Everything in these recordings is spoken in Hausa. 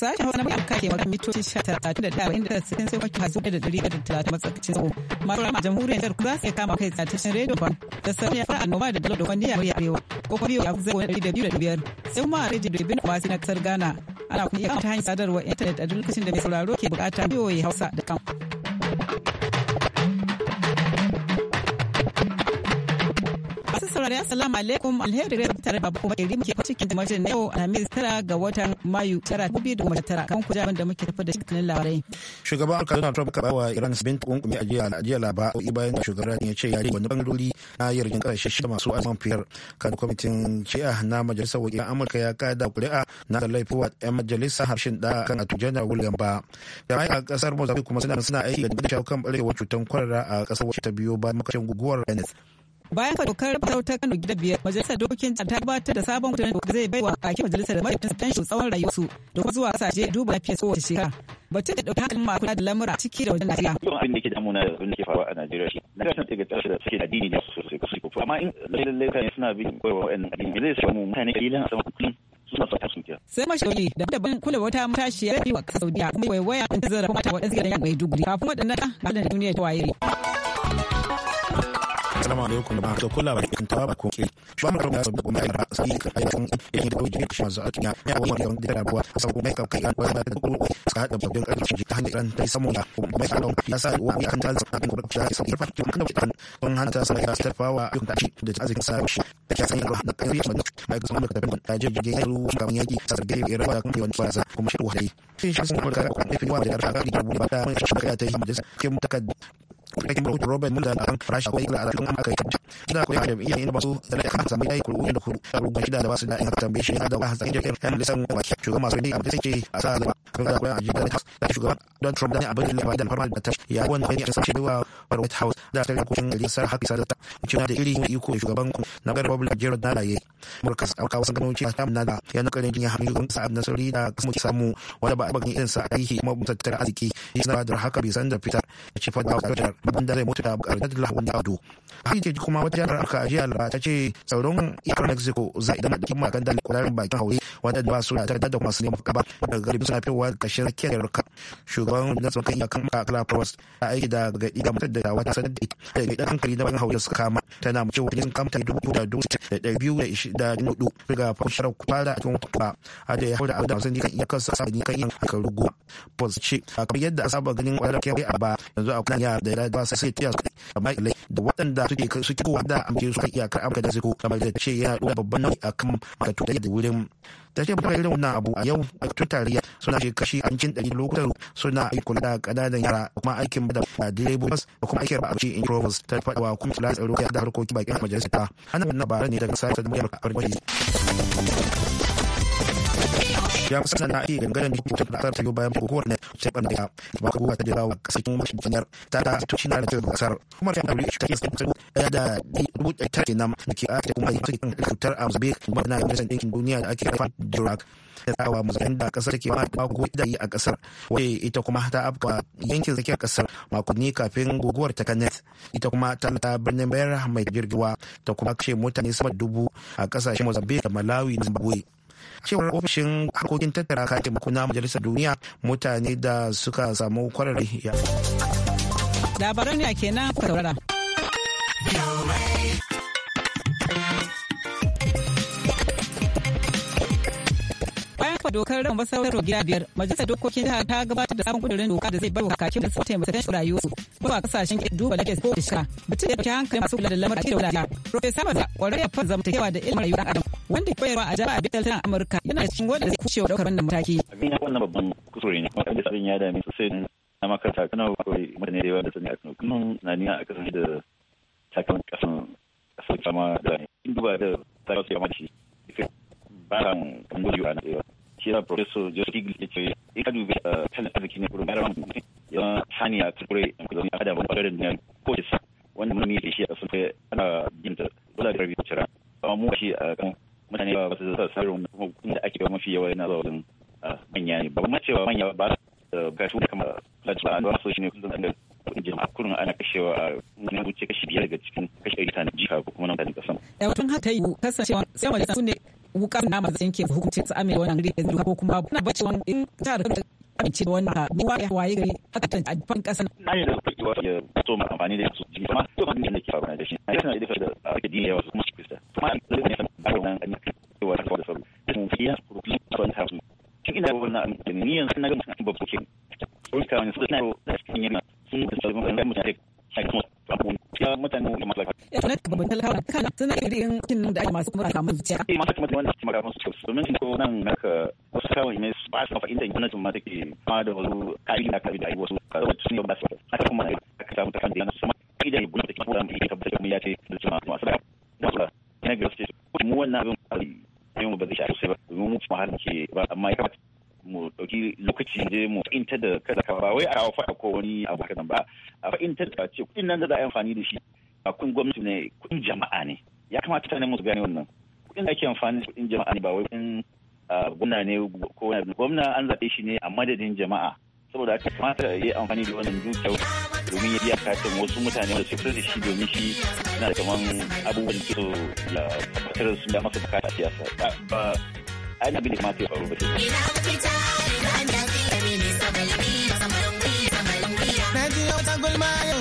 Sashen Hausa na Murya Amurka ke maka mitoci 19,39,60 sai kwaki kihazo da da 130 matsakaicin tsawo. Masu rama jamhuriyar Nijar za sai kama kai tsatashin rediyo ban da ya fara annoba da dalar da kwaniya yare arewa ko kuma biyu ya zai wani ɗari da biyu da biyar sai kuma a rediyo da bin na kasar Ghana. Ana kuma iya kama ta hanyar sadarwar intanet a duk lokacin da mai sauraro ke bukata kama. saurari assalamu alaikum alheri da tare babu kuma kiri muke cikin tamashin na yau alhamis tara ga watan mayu tara dubu da kuma tara kan kujaban da muke tafi da cikin labarai. Shugaban Amurka Donald Trump ka bawa Iran sabbin tukunkumi a jiya a jiya labarai bayan shugaban ya ce ya wani bangarori na yarjin karshe shi masu azman fiyar kan kwamitin shi'a na majalisar wakilan Amurka ya kada kuri'a na laifuwa 'yan majalisar harshen da kan a atujanar William ba. da Jami'ai a kasar Mozambique kuma suna suna aiki da shawo kan ɓarewar cutar kwarara a kasar wacce ta biyo bayan makashin guguwar venice bayan ka dokar ta kano gida biyar majalisar dokokin ta gabatar da sabon kudurin da zai bai wa kakin majalisar da majalisar pension tsawon rayuwarsu da kuma zuwa kasashe duba lafiyar kowace shekara batun da ɗauki hankalin makuna da lamura ciki da wajen lafiya. Kuma abin da ke damuna da abin da ke faruwa a Najeriya shi na gashin daga ƙarshe da suke da dini da su sosai ko su amma in lallai kan suna bin koyarwa wa'annan addini zai samu mutane kalilan a sama kuɗin suna sauka sun kira. Sai mashauri da daban kula wata matashiyar yi wa Saudiya kuma waiwaya da zarar mata waɗansu gidan yan dubu kafin waɗannan ɗan halin da duniya ta waye. السلام عليكم ورحمة الله وبركاته بكون كي شو ما كنا سبب ما يرى سيك أيضاً إيه دو جيك شو زاك يا يا وين يوم دير أبوا سبب ما كنا كيان ولا تقول سكاد أبوا دير أبوا شيء تهني ران تيسمو لا ما يعلم يا سال ويا كان تال سبب كنا كنا سبب فات كنا كنا كنا كنا هان تال سبب كاستر فوا يوم تأشي دت أزيك ساوش تكيا سين روح نكري من ما يقص من كتبنا تاجر جي هلو كم يجي سرقي إيرا كم يوم فرزة كم شروه لي في شخص مكان في واحد يرفع كي يقول بتا من شبكة تيجي كم تكاد kwakin robert muller da rashin bai da alaƙin aka yi ina koyi da iya yin basu da kan sami dai kuru da kuru da rugun shida da basu da in tambaye shi da ba a da kan lisan ba shugaban masu dai abin sai a sa gaba kan da koyan ajiyar da shugaban don trump da abin da da farma da ta ya wanda bai da sashi wa white house da sai kokin da lisar haƙi sa da ta cewa da iri iko shugaban na ga republic jared dala murka cewa ta mu da ya na karin jinya da kuma samu wanda ba a bagin irin sa aiki kuma mutattara arziki yana da haka bai da fitar ya wanda zai mutu da bukar da wanda ya do hajji kuma wata jami'ar aka ajiya laraba ta ce tsaron iyakar mexico za idan bakin makan da kurarin bakin hauri wanda ba su da da kuma su fuka ba daga garibin suna fitowa kashin rakiyar yarka shugaban da na kan iyakan Kala prost ta aiki da gaɗi ga mutar da dawa ta sanar da ita da gaɗi hankali na bakin hauri suka kama tana mace wata sun kamta dubu da dubu da ɗari biyu da da hudu daga fashirar fara a cikin ba a da ya hau da abu da masu kan iyakar sa kan iyakar yin aka rugu post ce kamar yadda a saba ganin kai a ba yanzu a kunan yara da ba su sai tiya su ba ilai da waɗanda suke suke kowa da amke su kai iyakar amurka da ziko kamar da ce yana ɗora babban nau'i a kan makatu da wurin ta ce bayan irin wannan abu a yau a tutariya suna shi kashi amincin ɗari lokutan suna aikin kula da ƙananan yara kuma aikin bada da direbobas da kuma aikin abinci in provos ta faɗa wa kuma kula da tsaro da harkokin bakin majalisar ta hannun labaran ne daga sashen muryar amurka ya kusa sana ake gangaran hukumar da kasar ta yi bayan kokowar ne ta ban da ba kowa ta jira wa kasar kuma shi bukanyar ta ta to na da cikin kasar kuma ta dauri ta ke sai daya da dubu ɗari tara kenan da ke aka kuma ta kan cutar a zabe kuma na yin ɗinkin duniya da ake kafa durak da tsawa mazayin da kasar ke ma ba ko da yi a kasar wace ita kuma ta afka yankin zakiyar kasar makonni kafin guguwar ta kanet ita kuma ta ta birnin bayar mai jirgiwa ta kuma kashe mutane sama dubu a kasashen mozambique da malawi da zimbabwe cewar ofishin harkokin tattara katin na majalisar duniya mutane da suka samu kwararri labaran ya kenan saurara. kafa dokar ran wasu gida biyar majalisar dokokin jihar ta gabatar da sabon kudurin doka da zai bar wa kakin da su taimaka ta shi rayuwarsu a kasashen duba da ke ko shika mutum ya ɗauki hankali masu kula da lamarin cikin lafiya profesa maza ƙwararre fan zamantakewa da ilimin rayuwar adam wanda koyarwa a jami'a bitar a amurka yana cikin da zai wa daukar wannan mataki. abin wannan babban ne ya dame sosai na makarta kana akwai mutane da yawa a kano kuma na a kasance da sakamakon kasan kasar sama da duba da da ba kan kan gudu a nan shi yasa professor Joseph Stiglitz ya ce in ka dubi tattalin eh, arziki ne kurin saniya turai da a da duniya ko ya sa mun da shi a sun kai ana jin ta dole da rabi wacce amma mu shi a eh, kan mutane ba su kuma kuma da ake ba mafi yawa yana zuwa eh, manya ne ba ma cewa manya ba ga su kamar lati ba don so shi ne kullum an kuɗin jama'a kurin ana kashewa a wani wuce kashi biyar daga cikin kashi ɗari ta na jiha ko kuma nan da kasan. haka yi kasancewa sai wajen ne kafin na zai yanke hukuncin su amince wannan gari da ko kuma na bacci wani in jihar da amince da wannan duwa ya waye gari haka tan a fan kasan na yi da kuke wata ya so ma amfani da su jima ma to ban da ke fara da shi a yana da da ake dini yawa kuma shi kusa kuma an da ne a wannan an yi wa da sabu mun fiya kurkun ban ta su ina wannan ni yanzu na ga mutum babu kin ko ka wani suna da cikin yana na talakawa da kana suna irin kin da ake masu kuma kamun zuciya. Eh masu kuma wanda ake magamun zuciya su domin ko nan naka wasu kawai ne ba su fa'inta gwamnatin ma take ma da wasu kabi da kabi da wasu su ne ba su haka kuma aka samu takan da yana sama kuma tabbatar kuma ya ce da masu ga wasu mu wannan abin ba yau ba zai shafi sai ba domin mu kuma ke ba amma ya kamata mu dauki lokaci je mu da kada ka ba wai a faɗa ko wani abu ba a da ce nan da za a yi amfani da shi ba kun gwamnati ne kuɗin jama'a ne ya kamata mutane musu gane wannan kuɗin da ake amfani da kuɗin jama'a ne ba wai kun gwamna ne ko wani gwamna an zaɓe shi ne a madadin jama'a saboda haka kamata ya yi amfani da wannan dukiyar domin ya biya katin wasu mutane da su fitar da shi domin shi yana da kaman abubuwan da su ya fitar su da masa bukata a siyasa ba a ainihin abin da kamata ya faru ba Na ji wata gulma yau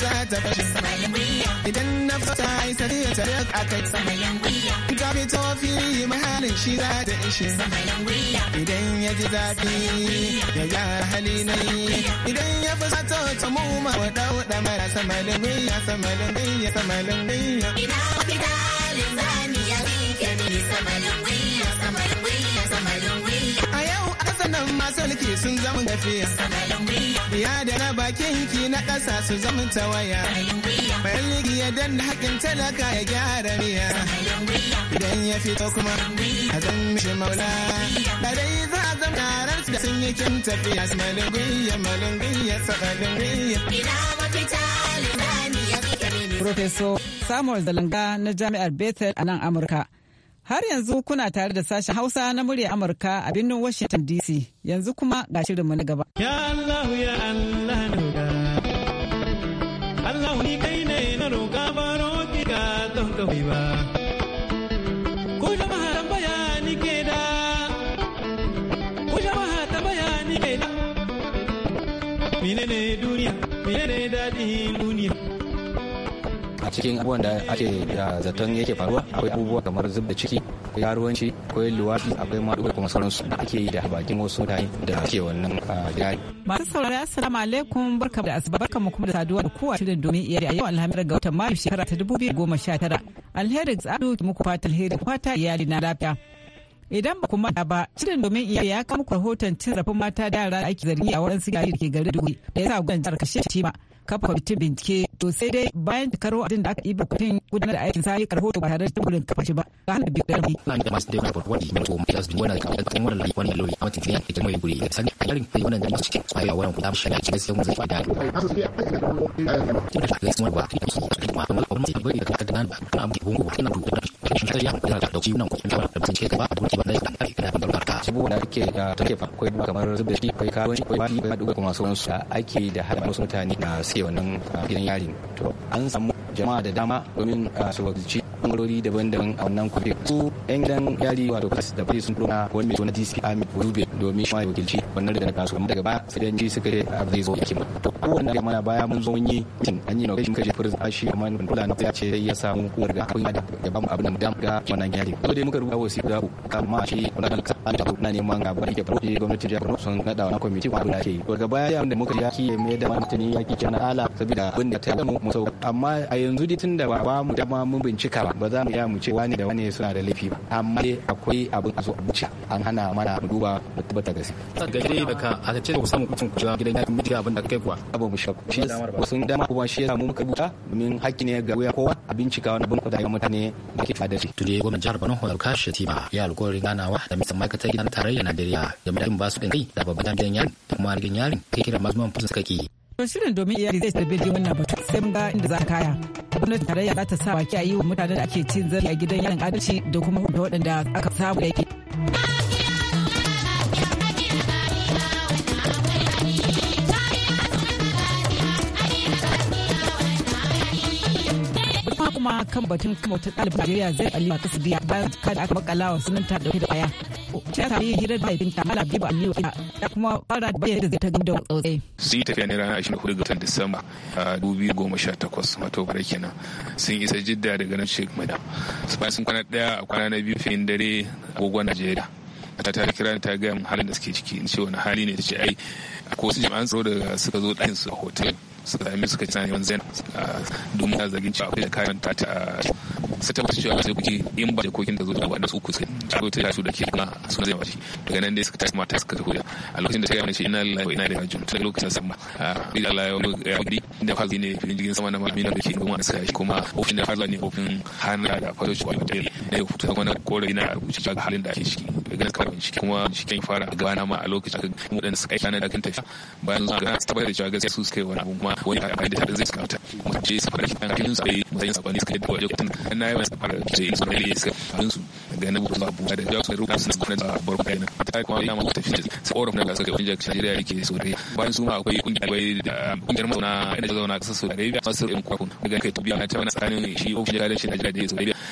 ba za ta bashi idan na fata ai tafiya ta rak akai ta fito mahalin shi za ta ishe idan ya ji zafi ya gyara hali na yi idan ya fusata ta muma wa dau mara samalin wiya samalin wiya samalin wiya ina fidalin zani ya rike ni samalin wiya sannan masalki sun zama gafiya ya da na bakin ki na ƙasa su zama tawaya bayan ya danna haƙin talaka ya gyara miya idan ya fito kuma a zan mishi maula da dai za a zama tarar da sun yi kin tafiya su malunguyya malunguyya su malunguyya ina mafita Professor Samuel Dalanga na Jami'ar Bethel a nan Amurka. Har yanzu kuna tare da sashen Hausa na murya Amurka a birnin Washington DC. Yanzu kuma ga shirinmu na gaba. Ya Allah ya Allah na roƙa. Allah ni kai ne na roƙa ba roƙi ka don kawai ba. Ku jama'a tambaya bayani ke da. Ku jama'a tambaya bayani ke da. ne duniya? ne daɗin duniya? cikin abubuwan da ake zaton yake faruwa akwai abubuwa kamar zub da ciki akwai yaruwanci akwai luwafi akwai maɗuɓa kuma sauransu da ake yi da bakin wasu mutane da ake wannan jari. masu saurari assalamu alaikum barka da asuba barka mu kuma da saduwa da kowa shirin domin iyali a yau alhamdulillah ga watan mayu shekara ta dubu biyu goma sha tara alheri tsado ki muku fata alheri fata iyali na lafiya. idan ba kuma ba shirin domin iyali ya kama rahoton cin zarafin mata da yara da ake zargi a wurin sigari da ke garin duguri da ya sa gudan jihar kashe shi ma kafa kwamitin bincike to sai dai bayan karo abin da aka yi bakwai gudanar da aikin sa karho to ba tare da tabbatar kafashi ba ga hannun biyu da rafi na da masu da report wani mai to ya zubi wannan kan kan wannan lafi wannan lori amma tinkin ya mai guri da a yarin wannan da su su wannan cikin sai mun zai da da ka ake da da to an samu jama'a da dama domin ah, su wakilci bangarori daban-daban a wannan kwafi su yan gidan yari wato kas da bai sun kuma wani mai suna dc ahmed rube domin shi ma ya wakilci wannan da daga kasu daga ba sai dan ji suka ce a zai zo yakin to kowanne ya mana baya mun zo mun yi tin an yi lokacin kashe furzin ashi amma mun kula na ce ya samu kuwar ga akwai da ya ba mu abin da mu damu ga wannan yari to dai muka rubuta wasiƙa da ku amma shi wannan kasa an ta na neman ga bari ke farko gwamnati ya Borno sun nada wannan kwamiti ko da ke daga baya yayin da muka yaki ya mai da mutane yaki kana ala saboda abin da ta mu mu sauka amma a yanzu dai tunda ba mu dama mun bincika ba ba za mu iya mu ce wani da wani suna da laifi ba amma dai akwai abin a zo abuja an hana mana mu duba mu tabbata da sai ta gare daga ka a ce ku samu kucin kucin gidan yakin miji abin da kai kuwa abu mu shakku shi sun dama kuma shi ya samu muka buta domin hakki ne ga wuya kowa a bincika wani abin da mutane da ke fada shi tudai gwamnatin jihar Borno Honorable Kashi Tiba ya alƙawarin ganawa da ministan ta gidan tarayya Najeriya game da ba su kai da babban gidan yarin da kuma gidan yarin kai kira mazmun fuska kake Don shirin domin iyali zai tarbe da wannan batu sai mun ga inda za a kaya. Gwamnatin tarayya za ta sa ke a yi wa mutanen da ake cin zarafi a gidan yaran adalci da kuma hukunta waɗanda aka samu laifi. kuma kan batun kuma wata ɗalibin Najeriya zai a kasu biya bayan kada aka makala wa sunanta dauke da baya. ta ta yi hirar da binta mala biba aliyu ina da kuma fara da bayyana da ta gani da tsautsai. sun yi tafiya ne ranar 24 ga watan disamba a goma sha takwas wato bara kenan sun isa jidda daga nan sheik madam bayan sun kwana daya a kwana na biyu fiye dare agogon najeriya ta ta kira ta gaya min halin da suke ciki in ce wani hali ne ta ce ai ko su jama'an tsaro da suka zo ɗakin su a hotel suka suka sani wani zainab domin ta zagin cewa da kayan ta ta su wasu cewa sai kuke in ba da kokin da zo da wadda su uku sai ta su da ke kuma su zai daga nan dai suka mata suka tafi a lokacin da ta ina ina da rajin tun lokacin sama ya da fazi ne filin jirgin sama na goma shi kuma ofin da ne ofin hana da da ya fito wani korafi na ga halin da ake kawai shi kuma shi kan fara gabana ma a lokacin da wadanda suka da kan tafiya bayan zuwa ga tabbatar da cewa gaskiya su suka yi wani abu kuma kuma wani a kai da zai suka ta kuma ce su fara kitan filin sai musayin sabani suka yadda wajen an na yawan fara ce su fara suka filin su daga nan buku abu da su su da bar kai nan ta kuma ina muku tafi su yake so dai bayan su ma akwai kungiya bai da kungiyar mazauna ina zauna kasar Saudi Arabia kasar in kwakun daga kai tubiya na tana shi da shi da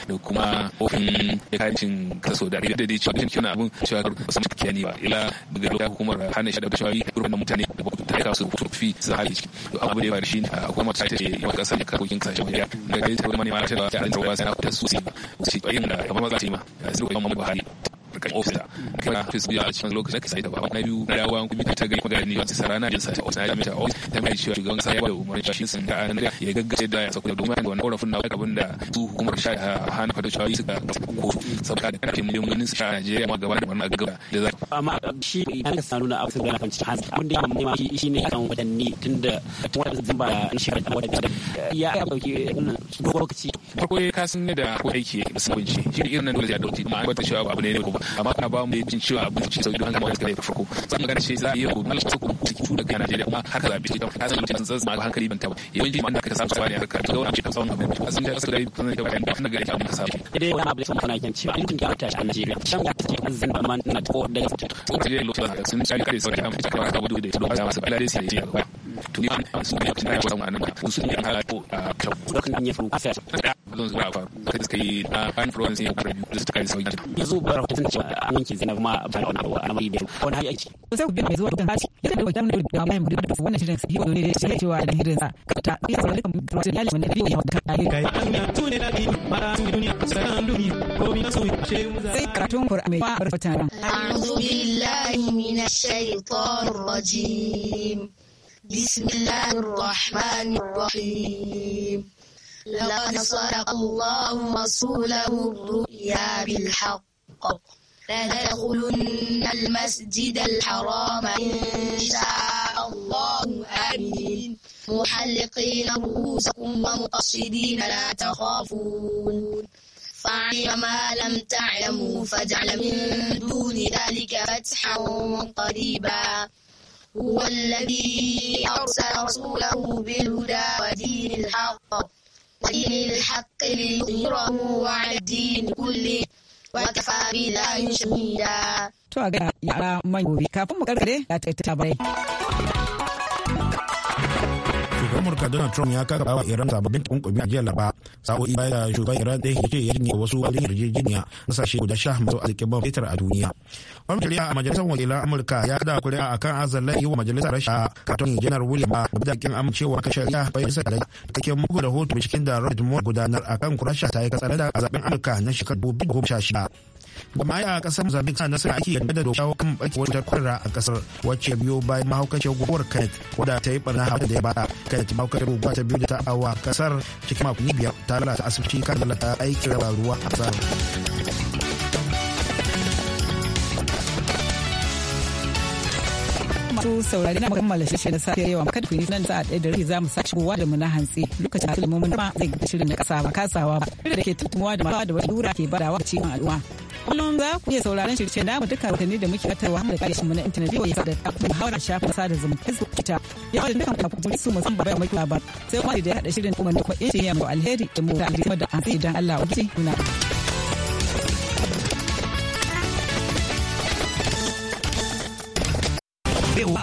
da kuma ofin kancin da dai cewa kina cewa su kiyani ba ila daga hukumar hana shi da gurbin mutane da aika su rubutu fi su hali ciki to abu da ya faru shine akwai mata ta ce yawan kasar ka kakokin kasashen wajen da kai ta wani manema ta ba ta arin tawa sai na fitar su sai ba su da kamar ba ta yi ma sai ko yawan mamu ba karkashin ofisa kai ma ofis a cikin lokacin da sai da baba na biyu na dawo an kuma ta gari magana ni wata sarana jin sa ta ofis na jami'a ta mai cewa shugaban kasa ya bada umarni shi sun da an ya gaggace da ya sako da domin wannan korafin na abin da su hukumar sha ah, hana fata cewa suka ko saboda da kafin miliyoyin su a Najeriya ma gaba da wannan gaba da za amma shi idan ka sanu na abin da ya shi wadanni tunda zan ba shi da ya ya wannan lokaci farko ya da ko aiki shi irin nan dole ya cewa abu ne ne ko ba amma kana ba mu jin cewa a sauki don hankali wanda suka da farko sai magana ce za a yi rubutu malashin suku suke a da kai Najeriya kuma haka zabe ce ta san lokacin zan zama hankali ban taba yawanci man da ka samu sabani haka ka wani ce ka samu abin ka san da suka yi kuma da bayan da gari ka samu dai wani abu kana kin cewa mutum ya tashi a Najeriya shan ya take kan zan amma na ko da ya fito ko da ya lokacin sun tsari kare sauki amma ka ka budu da to ba masa sai ya to ni an sun ne ka samu anan sun ne an halato a kan a zon zuwa fa kai da suka a bayan furuwan sai ya kara biyu da su ta kare sauyi yanzu ba rahoton sun cewa an yanke zainab ma ba wani a mai da A hali aiki to sai ku bi mai zuwa da kashi ya kada wajen da da mai mu da wannan shirin sai ko ne sai cewa da hirin sa ka ta kai sauran kan tuwa ya lalace da yawa da kai kai tune da bi mara su duniya sanan duniya ko mi nasu shehu sai karatun qur'ani ba barkatan a'udhu billahi minash shaitanir rajim بسم الله الرحمن الرحيم لقد صدق الله رسوله الرؤيا بالحق لتدخلن المسجد الحرام إن شاء الله آمين محلقين رؤوسكم ومقصدين لا تخافون فعلم ما لم تعلموا فجعل من دون ذلك فتحا قريبا هو الذي أرسل رسوله بالهدى ودين الحق ودين الحق ليظهره على الدين كله وكفى بالله شهيدا. To a ga yara manyan kafin mu karkare ya shugaban amurka donald trump ya kaka wa iran sababbin takunkumi a jiya laba sa'o'i baya shugaban iran ɗaya ya ce ya jinya wasu alin yarjejeniya sashe guda sha masu arzikin man fetur a duniya wani kwamitin a majalisar wakilan amurka ya kada kuri'a kan azalla yi wa majalisar rasha katon janar william ba da kin amincewa ka shari'a bai bisa da kake muku da hoto cikin da rod moore gudanar a kan kurasha ta yi kasar da zaben amurka na shekarar 2016 gama ya a kasar mozambique sa nasara ake yadda da dokawa kan barkewar cutar kwarara a kasar wacce biyo bayan mahaukacin guguwar kenneth wadda ta yi barna hawa da ya bada. kai da maukar guguwa ta biyu da ta awa kasar cikin makonni biyar ta lalata asibiti kan lalata aikin raba ruwa a kasar. masu saurari na kammala shi na sa yawa kada ku nan sa'a ɗaya da rabi za mu sa shigowa da mu na hantsi lokacin da mun ba zai gaba shirin na kasa ba kasawa ba da ke tattuwa da ma da wata dura ke badawa cikin al'umma Kullum za ku iya sauraron shirce shiryen mu duka watanni da muke katarwa da da mu na intanet ko yasa da kuma muhawara shafin sada zumunta Facebook Twitter. Ya da dukan kafin kuma su musamman bayan mai ba Sai kuma da ya hada shirin kuma da kuma injiniya mu alheri da mu da da an sai dan Allah ubangi muna.